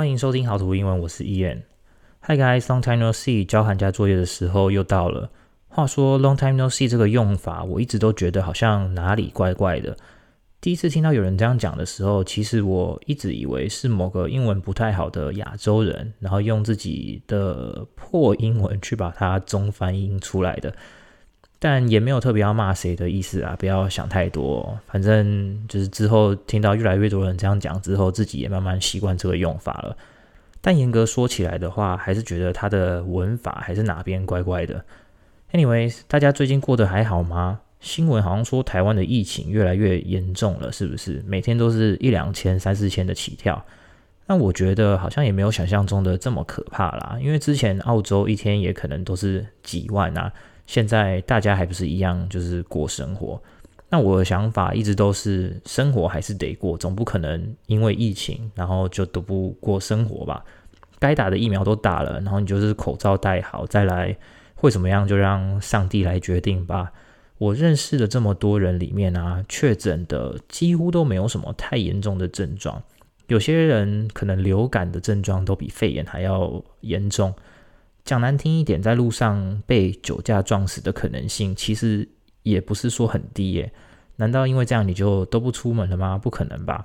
歡迎收聽好圖英文，我是 Ian。Hi guys，long time no see。交寒假作業的時候又到了。話說 long time no see 這個用法，我一直都覺得好像哪裡怪怪的。第一次聽到有人這樣講的時候，其實我一直以為是某個英文不太好的亞洲人，然後用自己的破英文去把它中翻英出來的。但也沒有特別要罵誰的意思啊，不要想太多哦。反正就是之後聽到越來越多人這樣講之後，自己也慢慢習慣這個用法了。但嚴格說起來的話，還是覺得它的文法還是哪邊怪怪的。Anyway，大家最近過得還好嗎？新聞好像說台灣的疫情越來越嚴重了，是不是？每天都是一兩千、三四千的起跳。那我覺得好像也沒有想象中的這麼可怕啦，因為之前澳洲一天也可能都是幾萬啊。現在大家還不是一樣，就是過生活。那我的想法一直都是，生活還是得過，總不可能因為疫情然後就都不過生活吧？該打的疫苗都打了，然後你就是口罩戴好，再來會怎麼樣就讓上帝來決定吧。我認識的這麼多人裡面啊，確診的幾乎都沒有什麼太嚴重的症狀，有些人可能流感的症狀都比肺炎還要嚴重。講難聽一點，在路上被酒駕撞死的可能性，其實也不是說很低耶。難道因為這樣你就都不出門了嗎？不可能吧。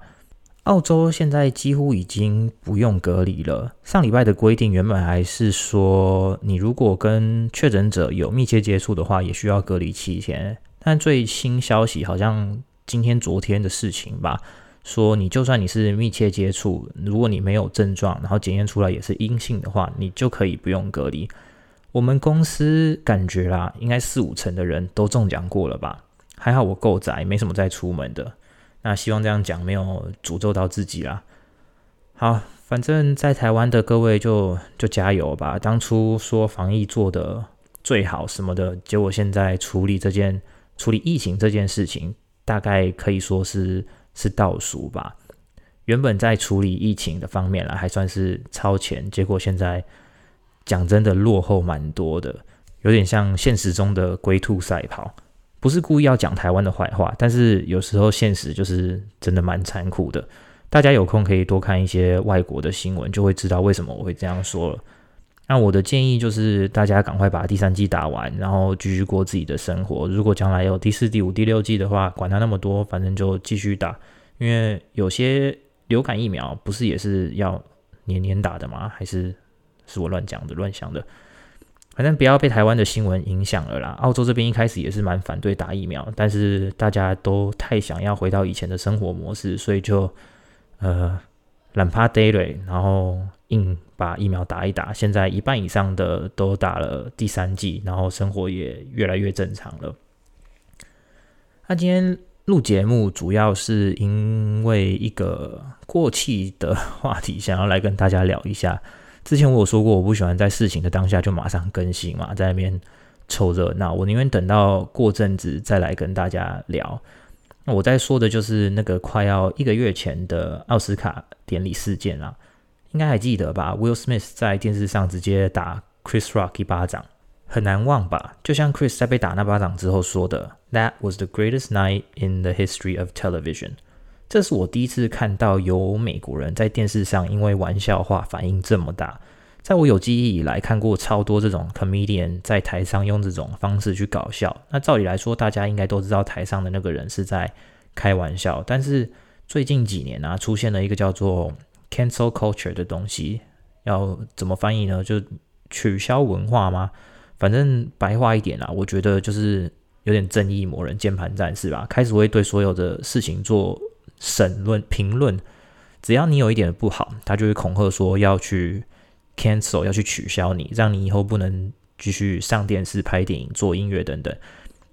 澳洲現在幾乎已經不用隔離了。上禮拜的規定原本還是說，你如果跟確診者有密切接觸的話，也需要隔離七天。但最新消息好像今天、昨天的事情吧。說你就算你是密切接觸，如果你沒有症狀，然後檢驗出來也是陰性的話，你就可以不用隔離。我們公司感覺啦，應該四五成的人都中獎過了吧？還好我夠宅，沒什麼再出門的。那希望這樣講沒有詛咒到自己啦。好，反正在台灣的各位就就加油吧。當初說防疫做得最好什麼的，結果現在處理這件處理疫情這件事情，大概可以說是。是倒數吧，原本在處理疫情的方面啦，還算是超前，結果現在講真的落後蠻多的，有點像現實中的龜兔賽跑。不是故意要講台灣的壞話，但是有時候現實就是真的蠻殘酷的。大家有空可以多看一些外國的新聞，就會知道為什麼我會這樣說了。那我的建議就是，大家趕快把第三劑打完，然後繼續過自己的生活。如果將來有第四、第五、第六劑的話，管他那麼多，反正就繼續打。因為有些流感疫苗不是也是要年年打的嗎？還是是我亂講的、亂想的？反正不要被台灣的新聞影響了啦。澳洲這邊一開始也是蠻反對打疫苗，但是大家都太想要回到以前的生活模式，所以就呃，懶怕 daily，然後硬。把疫苗打一打，現在一半以上的都打了第三劑，然後生活也越來越正常了。那、啊、今天錄節目主要是因為一個過氣的話題，想要來跟大家聊一下。之前我有說過，我不喜歡在事情的當下就馬上更新嘛，在那邊湊熱鬧，我寧願等到過陣子再來跟大家聊。我在說的就是那個快要一個月前的奧斯卡典禮事件啦。應該還記得吧？Will Smith 在電視上直接打 Chris Rock 一巴掌，很難忘吧？就像 Chris 在被打那巴掌之後說的：“That was the greatest night in the history of television.” 這是我第一次看到有美國人在電視上因為玩笑話反應這麼大。在我有記憶以來看過超多這種 comedian 在台上用這種方式去搞笑。那照理來說，大家應該都知道台上的那個人是在開玩笑。但是最近幾年啊，出現了一個叫做…… Cancel culture 的東西要怎麼翻譯呢？就取消文化嗎？反正白話一點啦、啊，我覺得就是有點正義魔人鍵盤戰士吧。開始會對所有的事情做審論評論，只要你有一點不好，他就會恐嚇說要去 cancel，要去取消你，讓你以後不能繼續上電視、拍電影、做音樂等等。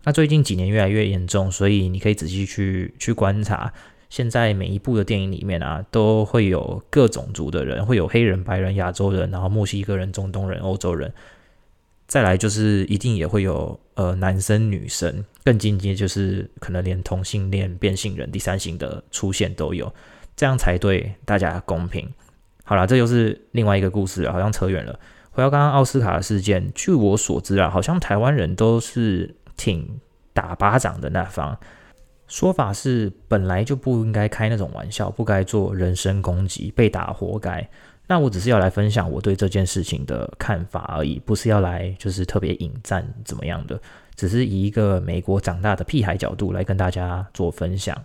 那最近幾年越來越嚴重，所以你可以仔細去去觀察。現在每一部的電影裡面啊，都會有各種族的人，會有黑人、白人、亞洲人，然後墨西哥人、中東人、歐洲人，再來就是一定也會有呃男生、女生，更進階就是可能連同性戀、變性人、第三性的出現都有，這樣才對大家公平。好啦，這就是另外一個故事，好像扯遠了。回到剛剛奧斯卡的事件，據我所知啊，好像台灣人都是挺打巴掌的那方。說法是，本來就不應該開那種玩笑，不該做人身攻擊，被打活該。那我只是要來分享我對這件事情的看法而已，不是要來就是特別引戰怎麼樣的，只是以一個美國長大的屁孩角度來跟大家做分享。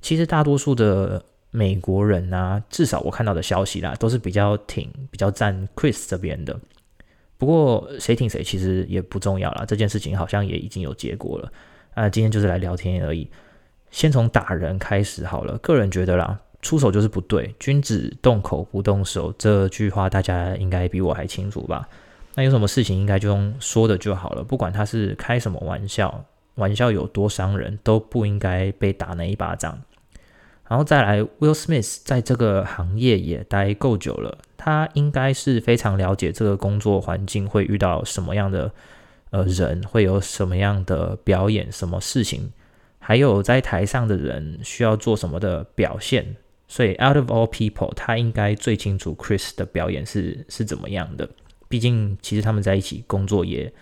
其實大多數的美國人啊，至少我看到的消息啦，都是比較挺、比較讚 Chris 這邊的。不過誰挺誰其實也不重要啦，這件事情好像也已經有結果了。那、呃、今天就是來聊天而已。先從打人開始好了，個人覺得啦，出手就是不對。君子動口不動手這句話，大家應該比我還清楚吧？那有什麼事情應該就用說的就好了，不管他是開什麼玩笑，玩笑有多傷人，都不應該被打那一巴掌。然後再來，Will Smith 在這個行業也待夠久了，他應該是非常了解這個工作環境會遇到什麼樣的呃人，會有什麼樣的表演，什麼事情。還有在台上的人需要做什麼的表現，所以 out of all people，他應該最清楚 Chris 的表演是是怎麼樣的。畢竟其實他們在一起工作也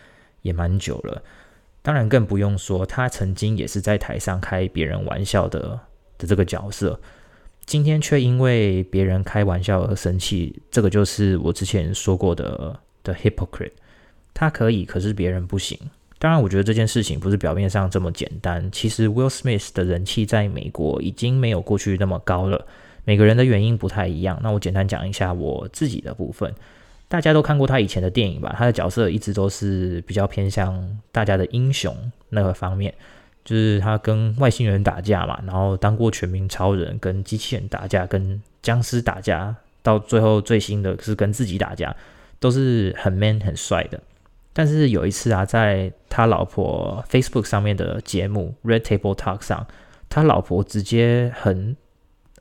也蠻久了，當然更不用說他曾經也是在台上開別人玩笑的的這個角色，今天卻因為別人開玩笑而生氣，這個就是我之前說過的 the hypocrite。他可以，可是別人不行。當然，我覺得這件事情不是表面上這麼簡單。其實，Will Smith 的人氣在美國已經沒有過去那麼高了。每個人的原因不太一樣。那我簡單講一下我自己的部分。大家都看過他以前的電影吧？他的角色一直都是比較偏向大家的英雄那個方面，就是他跟外星人打架嘛，然後當過全民超人，跟機器人打架，跟僵屍打架，到最後最新的是跟自己打架，都是很 man，很帥的。但是有一次啊，在他老婆 Facebook 上面的節目 Red Table Talk 上，他老婆直接很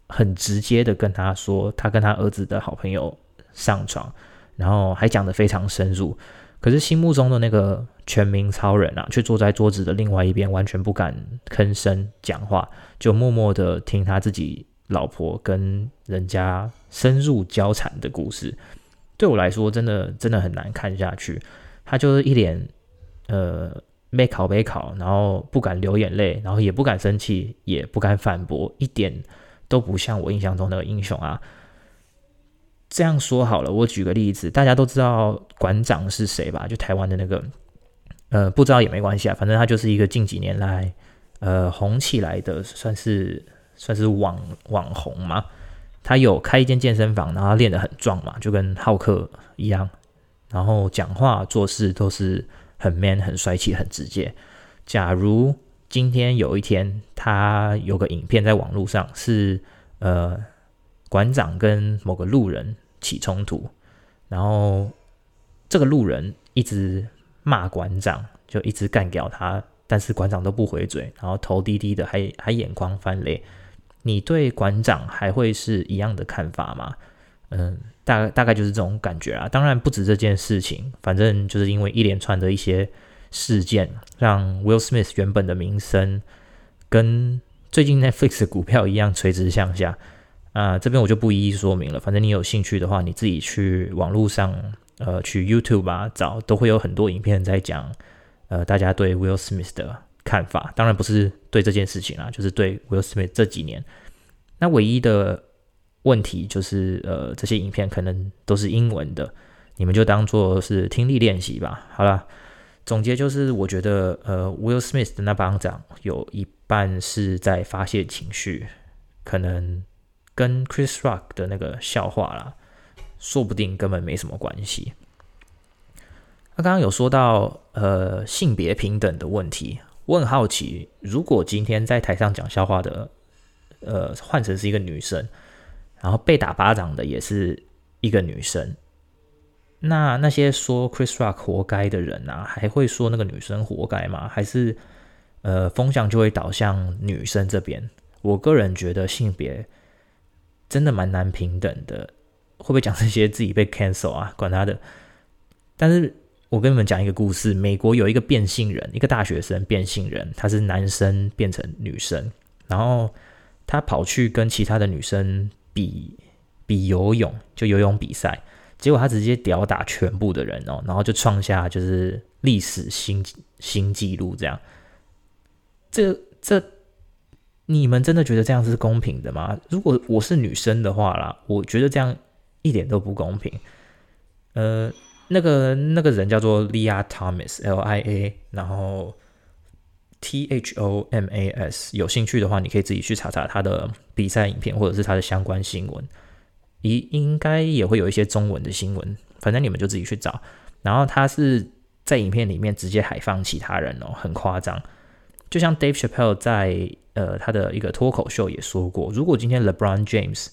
很直接的跟他說，他跟他兒子的好朋友上床，然後還講得非常深入。可是心目中的那個全民超人啊，卻坐在桌子的另外一邊，完全不敢吭聲講話，就默默的聽他自己老婆跟人家深入交纏的故事。對我來說，真的真的很難看下去。他就是一臉，呃，沒考沒考，然後不敢流眼淚，然後也不敢生氣，也不敢反駁，一點都不像我印象中的英雄啊。這樣說好了，我舉個例子，大家都知道館長是誰吧？就台灣的那個，呃，不知道也沒關係啊，反正他就是一個近幾年來，呃，紅起來的，算是算是網網紅嘛。他有開一間健身房，然後練得很壯嘛，就跟浩克一樣。然後講話做事都是很 man、很帥氣、很直接。假如今天有一天，他有個影片在網絡上是，呃，館長跟某個路人起衝突，然後這個路人一直罵館長，就一直幹掉他，但是館長都不回嘴，然後頭低低的還，還還眼眶泛淚。你對館長還會是一樣的看法嗎？嗯，大大概就是這種感覺啊。當然不止這件事情，反正就是因為一連串的一些事件，讓 Will Smith 原本的名聲跟最近 Netflix 的股票一樣垂直向下。啊、呃，這邊我就不一一說明了。反正你有興趣的話，你自己去網絡上，呃，去 YouTube 吧、啊、找，都會有很多影片在講。呃，大家對 Will Smith 的看法，當然不是對這件事情啦、啊，就是對 Will Smith 這幾年那唯一的。問題就是，呃，這些影片可能都是英文的，你們就當做是聽力練習吧。好啦，總結就是，我覺得，呃，Will Smith 的那巴掌有一半是在發洩情緒，可能跟 Chris Rock 的那個笑話啦，說不定根本沒什麼關係。那剛剛有說到，呃，性別平等的問題，我很好奇，如果今天在台上講笑話的，呃，換成是一個女生。然後被打巴掌的也是一個女生，那那些說 Chris Rock 活該的人啊，還會說那個女生活該嗎？還是呃風向就會倒向女生這邊？我個人覺得性別真的蠻難平等的，會不會講這些自己被 cancel 啊？管他的！但是我跟你們講一個故事：美國有一個變性人，一個大學生變性人，他是男生變成女生，然後他跑去跟其他的女生。比比游泳，就游泳比賽，結果他直接屌打全部的人哦、喔，然後就創下就是歷史新新紀錄這樣。這這，你們真的覺得這樣是公平的嗎？如果我是女生的話啦，我覺得這樣一點都不公平。呃，那個那個人叫做 Lia Thomas L I A，然後。T. H. O. M. A. S. 有興趣的話，你可以自己去查查他的比賽影片，或者是他的相關新聞，也應該也會有一些中文的新聞。反正你們就自己去找。然後他是在影片裡面直接海放其他人哦，很誇張。就像 Dave Chappelle 在呃他的一個脫口秀也說過，如果今天 LeBron James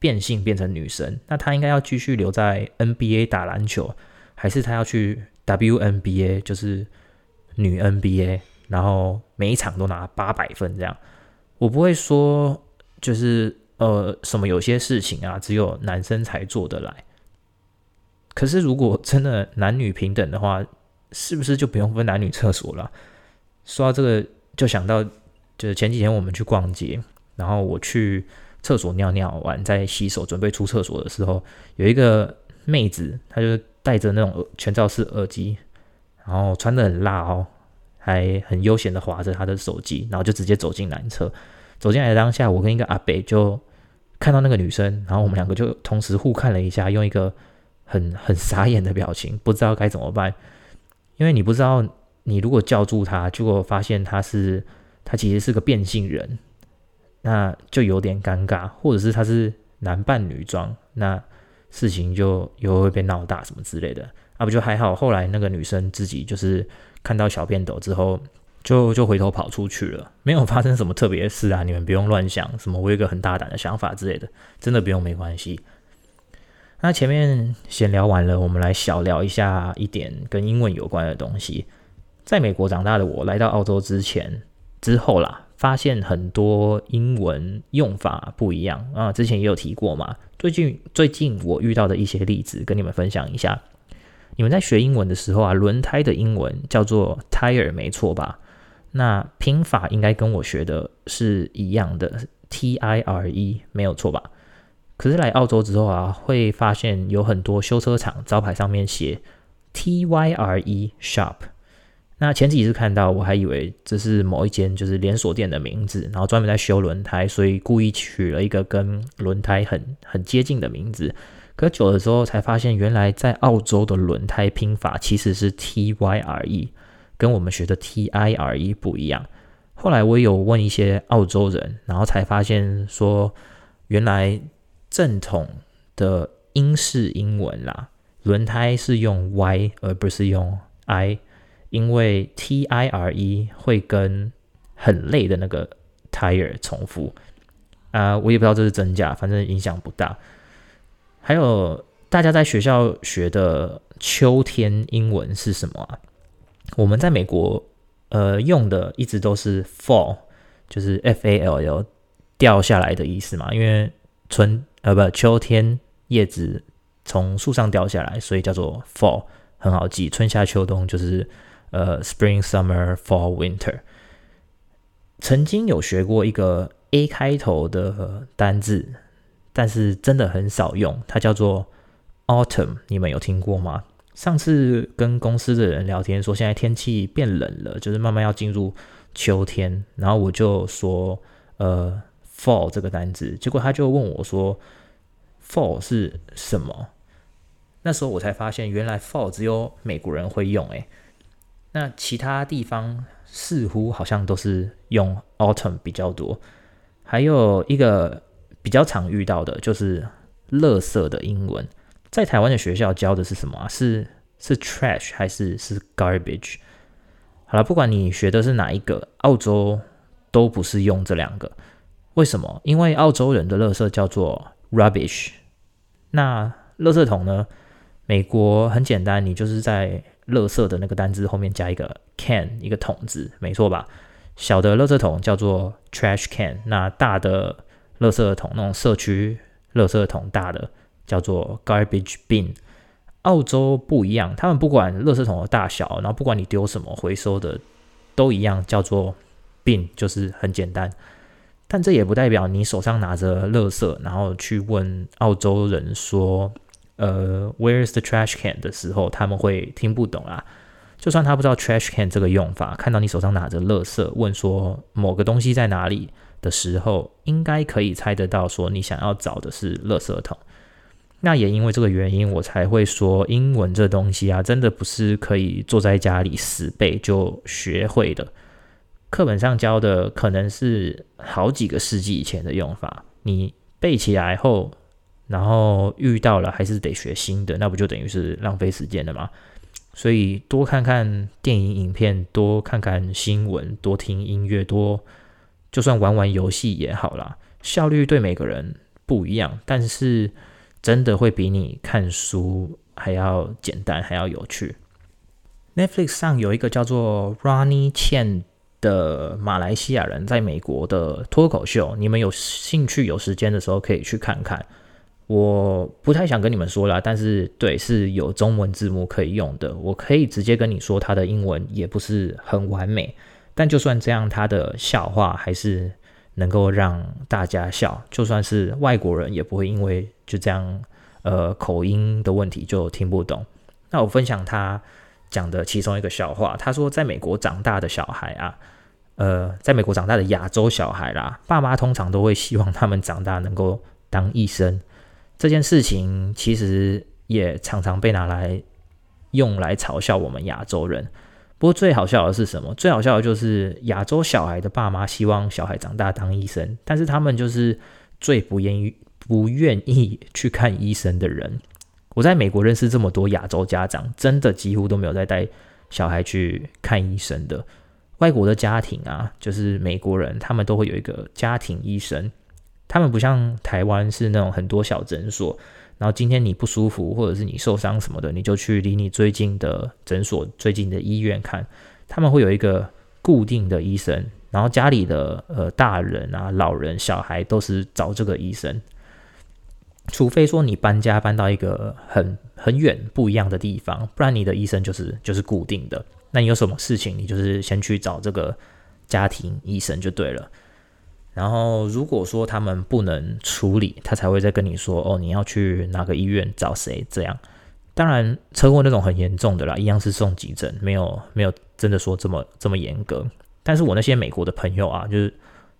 變性變成女神，那他應該要繼續留在 NBA 打籃球，還是他要去 WNBA 就是女 NBA？然後每一場都拿八百分這樣，我不會說就是呃什麼有些事情啊，只有男生才做得來，可是如果真的男女平等的話，是不是就不用分男女廁所了啊？說到這個就想到，就是前幾天我們去逛街，然後我去廁所尿尿完再洗手準備出廁所的時候，有一個妹子她就戴着那種全罩式耳機，然後穿得很辣哦。還很悠閒的滑着他的手機，然後就直接走進男廁。走進來的當下，我跟一個阿北就看到那個女生，然後我們兩個就同時互看了一下，用一個很很傻眼的表情，不知道該怎麼辦。因為你不知道，你如果叫住她，結果發現她是她其實是個變性人，那就有點尷尬；或者是她是男扮女裝，那事情就又會被鬧大什麼之類的。阿不就還好。後來那個女生自己就是。看到小便斗之後，就就回頭跑出去了，沒有發生什麼特別的事啊！你們不用亂想，什麼我有個很大膽的想法之類的，真的不用，沒關係。那前面閒聊完了，我們來小聊一下一點跟英文有關的東西。在美國長大的我，來到澳洲之前，之後啦，發現很多英文用法不一樣啊。之前也有提過嘛，最近最近我遇到的一些例子，跟你們分享一下。你們在學英文的時候啊，輪胎的英文叫做 tire，沒錯吧？那拼法應該跟我學的是一樣的，t i r e，沒有錯吧？可是來澳洲之後啊，會發現有很多修車廠招牌上面寫 t y r e shop。那前幾次看到，我還以為這是某一間就是連鎖店的名字，然後專門在修輪胎，所以故意取了一個跟輪胎很很接近的名字。可久了之後才發現，原來在澳洲的輪胎拼法其實是 T Y R E，跟我們學的 T I R E 不一樣。後來我也有問一些澳洲人，然後才發現說，原來正統的英式英文啦，輪胎是用 Y 而不是用 I，因為 T I R E 會跟很累的那個 tire 重複。啊、呃，我也不知道這是真假，反正影響不大。還有大家在學校學的秋天英文是什麼啊？我們在美國呃用的一直都是 fall，就是 F A L L，掉下來的意思嘛。因為春呃不秋天葉子從樹上掉下來，所以叫做 fall，很好記。春夏秋冬就是呃 spring summer fall winter。曾經有學過一個 A 開頭的、呃、單字。但是真的很少用，它叫做 autumn，你們有聽過嗎？上次跟公司的人聊天，說現在天氣變冷了，就是慢慢要進入秋天，然後我就說呃 fall 這個單詞，結果他就問我說 fall 是什麼？那時候我才發現，原來 fall 只有美國人會用，欸，誒。那其他地方似乎好像都是用 autumn 比較多，還有一個。比較常遇到的就是“垃圾”的英文，在台灣的學校教的是什麼啊？是是 “trash” 還是是 “garbage”？好了，不管你學的是哪一個，澳洲都不是用這兩個。為什麼？因為澳洲人的“垃圾”叫做 “rubbish”，那“垃圾桶”呢？美國很簡單，你就是在“垃圾”的那個單字後面加一個 “can”，一個桶字，沒錯吧？小的垃圾桶叫做 “trash can”，那大的。垃圾桶，那種社區垃圾桶大的，叫做 garbage bin。澳洲不一樣，他們不管垃圾桶的大小，然後不管你丟什麼回收的，都一樣，叫做 bin，就是很簡單。但這也不代表你手上拿着垃圾，然後去問澳洲人說，呃，where is the trash can 的時候，他們會聽不懂啦。就算他不知道 trash can 這個用法，看到你手上拿着垃圾，問說某個東西在哪裡的時候，應該可以猜得到，說你想要找的是“垃圾桶”。那也因為這個原因，我才會說，英文這東西啊，真的不是可以坐在家裡死背就學會的。課本上教的可能是好幾個世紀以前的用法，你背起來後，然後遇到了還是得學新的，那不就等於是浪費時間了嗎？所以多看看電影影片，多看看新聞，多聽音樂，多。就算玩玩遊戲也好啦，效率對每個人不一樣，但是真的會比你看書還要簡單，還要有趣。Netflix 上有一個叫做 Ronny Chieng 的馬來西亞人在美國的脫口秀，你們有興趣有時間的時候可以去看看。我不太想跟你們說啦，但是對，是有中文字幕可以用的。我可以直接跟你說他的英文也不是很完美。但就算這樣，他的笑話還是能夠讓大家笑。就算是外國人，也不會因為就這樣，呃，口音的問題就聽不懂。那我分享他講的其中一個笑話。他說，在美國長大的小孩啊，呃，在美國長大的亞洲小孩啦，爸媽通常都會希望他們長大能夠當醫生。這件事情其實也常常被拿來用來嘲笑我們亞洲人。不過最好笑的是什麼？最好笑的就是亞洲小孩的爸媽希望小孩長大當醫生，但是他們就是最不願意、不願意去看醫生的人。我在美國認識這麼多亞洲家長，真的幾乎都沒有在帶小孩去看醫生的。外國的家庭啊，就是美國人，他們都會有一個家庭醫生，他們不像台灣是那種很多小診所。然後今天你不舒服，或者是你受傷什麼的，你就去離你最近的診所、最近的醫院看。他們會有一個固定的醫生，然後家裡的呃大人啊、老人、小孩都是找這個醫生。除非說你搬家搬到一個很很遠不一樣的地方，不然你的醫生就是就是固定的。那你有什麼事情，你就是先去找這個家庭醫生就對了。然後，如果說他們不能處理，他才會再跟你說哦，你要去哪個醫院找誰這樣。當然，車禍那種很嚴重的啦，一樣是送急診，沒有沒有真的說這麼這麼嚴格。但是我那些美國的朋友啊，就是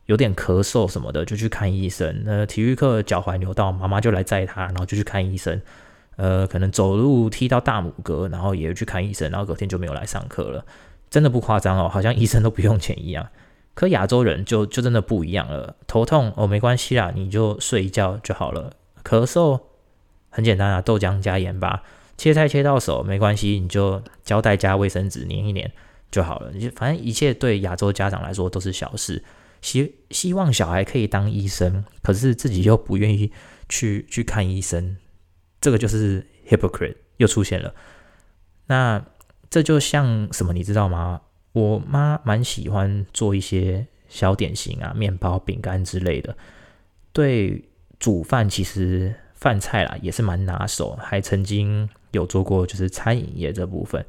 有點咳嗽什麼的就去看醫生，那、呃、體育課腳踝扭到，媽媽就來載他，然後就去看醫生。呃，可能走路踢到大拇哥，然後也去看醫生，然後隔天就沒有來上課了。真的不誇張哦，好像醫生都不用錢一樣。可亞洲人就就真的不一樣了，頭痛哦，沒關係啦，你就睡一覺就好了。咳嗽很簡單啊，豆漿加鹽巴。切菜切到手沒關係，你就膠帶加衛生紙粘一粘就好了。你就反正一切對亞洲家長來說都是小事。希希望小孩可以當醫生，可是自己又不願意去去看醫生，這個就是 hypocrite 又出現了。那這就像什麼，你知道嗎？我媽蠻喜歡做一些小點心啊，麵包、餅乾之類的。對煮飯，其實飯菜啦也是蠻拿手，還曾經有做過就是餐飲業這部分。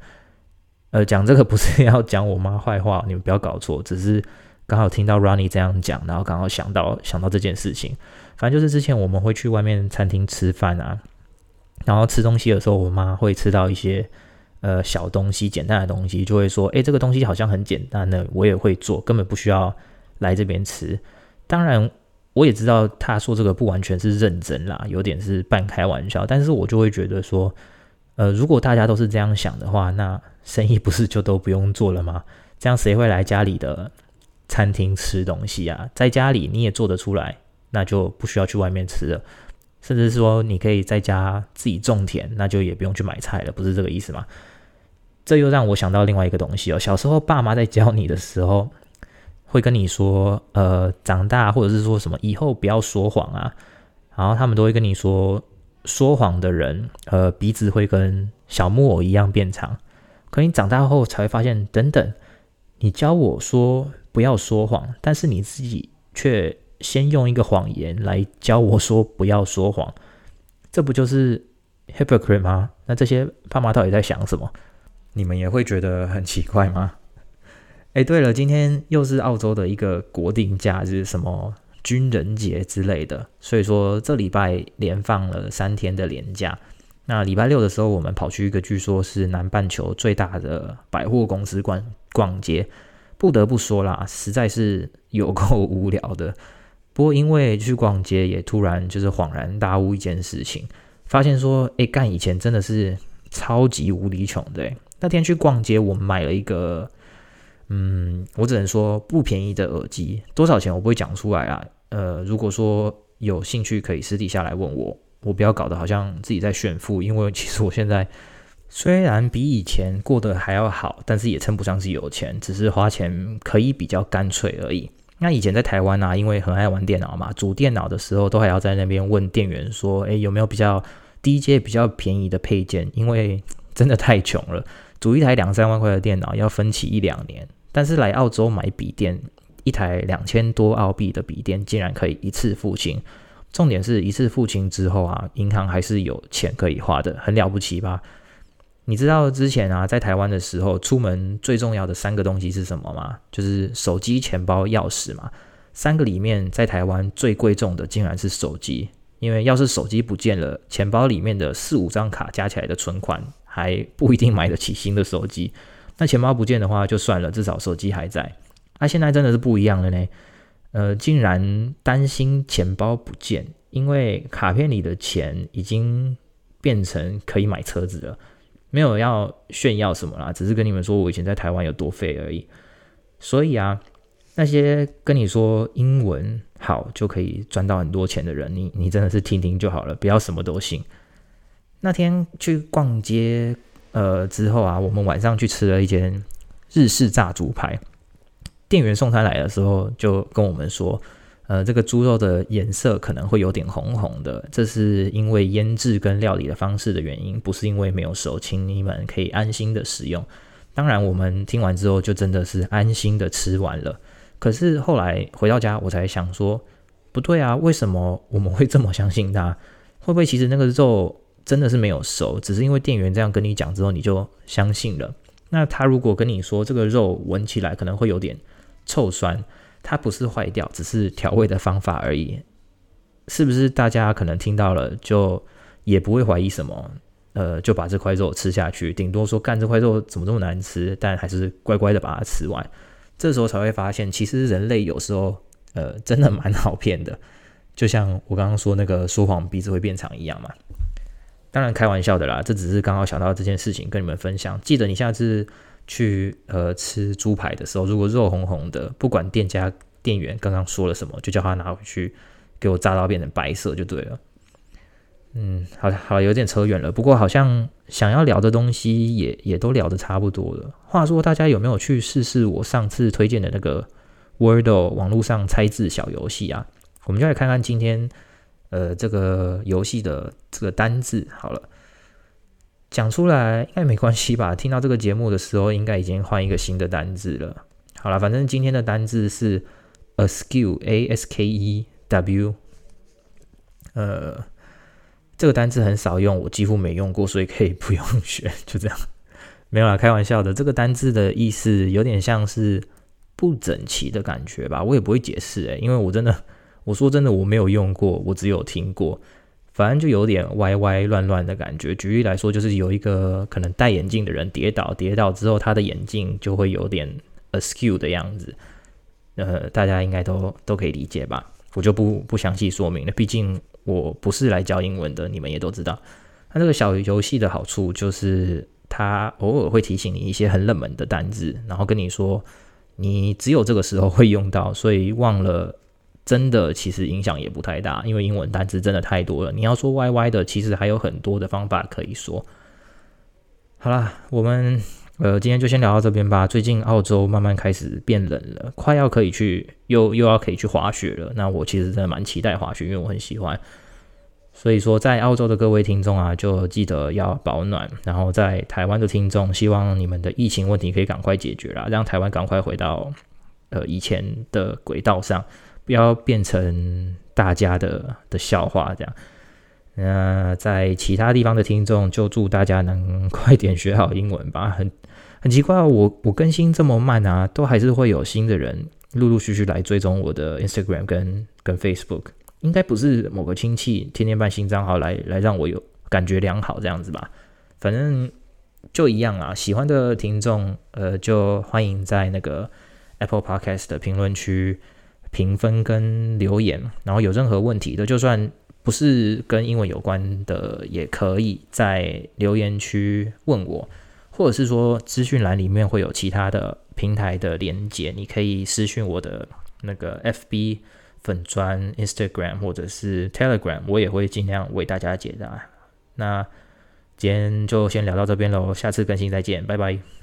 呃，講這個不是要講我媽壞話，你們不要搞錯。只是剛好聽到 Ronnie 這樣講，然後剛好想到想到這件事情。反正就是之前我們會去外面餐廳吃飯啊，然後吃東西的時候，我媽會吃到一些。呃，小東西、簡單的東西，就會說，誒、欸，這個東西好像很簡單的，我也會做，根本不需要來這邊吃。當然，我也知道他說這個不完全是認真啦，有點是半開玩笑。但是我就會覺得說，呃，如果大家都是這樣想的話，那生意不是就都不用做了嗎？這樣誰會來家裡的餐廳吃東西啊？在家裡你也做得出來，那就不需要去外面吃了。甚至是說你可以在家自己種田，那就也不用去買菜了，不是這個意思嗎？這又讓我想到另外一個東西哦。小時候爸媽在教你的時候，會跟你說，呃，長大或者是說什麼以後不要說謊啊，然後他們都會跟你說，說謊的人，呃，鼻子會跟小木偶一樣變長。可你長大後才會發現，等等，你教我說不要說謊，但是你自己卻先用一個謊言來教我說不要說謊，這不就是 hypocrisy 嗎？那這些爸媽到底在想什麼？你們也會覺得很奇怪嗎？哎，對了，今天又是澳洲的一個國定假日，什麼軍人節之類的，所以說這禮拜連放了三天的連假。那禮拜六的時候，我們跑去一個據說是南半球最大的百貨公司逛逛街，不得不說啦，實在是有夠無聊的。不過因為去逛街，也突然就是恍然大悟一件事情，發現說，誒，幹以前真的是超級無敵窮的。那天去逛街，我買了一個，嗯，我只能說不便宜的耳機，多少錢我不會講出來啊。呃，如果說有興趣可以私底下來問我，我不要搞得好像自己在炫富，因為其實我現在雖然比以前過得還要好，但是也稱不上是有錢，只是花錢可以比較乾脆而已。那以前在台灣啊，因為很愛玩電腦嘛，組電腦的時候都還要在那邊問店員說，誒、欸、有沒有比較低階、比較便宜的配件？因為真的太窮了，組一台兩三萬塊的電腦要分期一兩年。但是來澳洲買筆電，一台兩千多澳幣的筆電竟然可以一次付清，重點是一次付清之後啊，銀行還是有錢可以花的，很了不起吧？你知道之前啊，在台灣的時候，出門最重要的三個東西是什麼嗎？就是手機、錢包、鑰匙嘛。三個裡面，在台灣最貴重的竟然是手機，因為要是手機不見了，錢包裡面的四五張卡加起來的存款還不一定買得起新的手機。那錢包不見的話就算了，至少手機還在。那現在真的是不一樣了呢，呃，竟然擔心錢包不見，因為卡片裡的錢已經變成可以買車子了。沒有要炫耀什麼啦，只是跟你們說我以前在台灣有多廢而已。所以啊，那些跟你說英文好就可以賺到很多錢的人，你你真的是聽聽就好了，不要什麼都信。那天去逛街，呃，之後啊，我們晚上去吃了一間日式炸豬排，店員送餐來的時候就跟我們說。呃，這個豬肉的顏色可能會有點紅紅的，這是因為醃製跟料理的方式的原因，不是因為沒有熟，請你們可以安心的食用。當然，我們聽完之後就真的是安心的吃完了。可是後來回到家，我才想說，不對啊，為什麼我們會這麼相信他？會不會其實那個肉真的是沒有熟，只是因為店員這樣跟你講之後你就相信了？那他如果跟你說這個肉聞起來可能會有點臭酸。它不是壞掉，只是調味的方法而已，是不是？大家可能聽到了就也不會懷疑什麼，呃，就把這塊肉吃下去，頂多說幹這塊肉怎麼這麼難吃，但還是乖乖的把它吃完。這時候才會發現，其實人類有時候，呃，真的蠻好騙的，就像我剛剛說那個說謊鼻子會變長一樣嘛。當然開玩笑的啦，這只是剛剛想到這件事情跟你們分享。記得你下次。去呃，吃豬排的時候，如果肉紅紅的，不管店家店員剛剛說了什麼，就叫他拿回去給我炸到變成白色就對了。嗯，好好，有點扯遠了。不過好像想要聊的東西也也都聊得差不多了。話說大家有沒有去試試我上次推薦的那個 Wordle 網路上猜字小遊戲啊？我們就來看看今天呃，這個遊戲的這個單字，好了。講出來應該沒關係吧？聽到這個節目的時候，應該已經換一個新的單字了。好了，反正今天的單字是 askew，a s k e w。呃，這個單字很少用，我幾乎沒用過，所以可以不用學，就這樣。沒有啦，開玩笑的。這個單字的意思有點像是不整齊的感覺吧？我也不會解釋誒、欸，因為我真的，我說真的，我沒有用過，我只有聽過。反正就有點歪歪亂亂的感覺。舉例來說，就是有一個可能戴眼鏡的人跌倒，跌倒之後他的眼鏡就會有點 askew 的樣子。呃，大家應該都都可以理解吧？我就不不詳細說明了，畢竟我不是來教英文的，你們也都知道。那這個小遊戲的好處就是，它偶爾會提醒你一些很冷門的單字，然後跟你說，你只有這個時候會用到，所以忘了。真的，其實影響也不太大，因為英文單詞真的太多了。你要說歪歪的，其實還有很多的方法可以說。好啦，我們呃今天就先聊到這邊吧。最近澳洲慢慢開始變冷了，快要可以去，又又要可以去滑雪了。那我其實真的蠻期待滑雪，因為我很喜歡。所以說，在澳洲的各位聽眾啊，就記得要保暖。然後在台灣的聽眾，希望你們的疫情問題可以趕快解決啦，讓台灣趕快回到呃以前的軌道上。不要變成大家的的笑話，這樣。那、呃、在其他地方的聽眾，就祝大家能快點學好英文吧。很很奇怪、哦，我我更新這麼慢啊，都還是會有新的人陸陸續續來追蹤我的 Instagram 跟跟 Facebook。應該不是某個親戚天天辦新賬號來來讓我有感覺良好這樣子吧？反正就一樣啊。喜歡的聽眾，呃，就歡迎在那個 Apple Podcast 的評論區。評分跟留言，然後有任何問題的，就算不是跟英文有關的，也可以在留言區問我，或者是說資訊欄裡面會有其他的平台的連接，你可以私訊我的那個 FB 粉專、Instagram 或者是 Telegram，我也會盡量為大家解答。那今天就先聊到這邊嘍，下次更新再見，拜拜。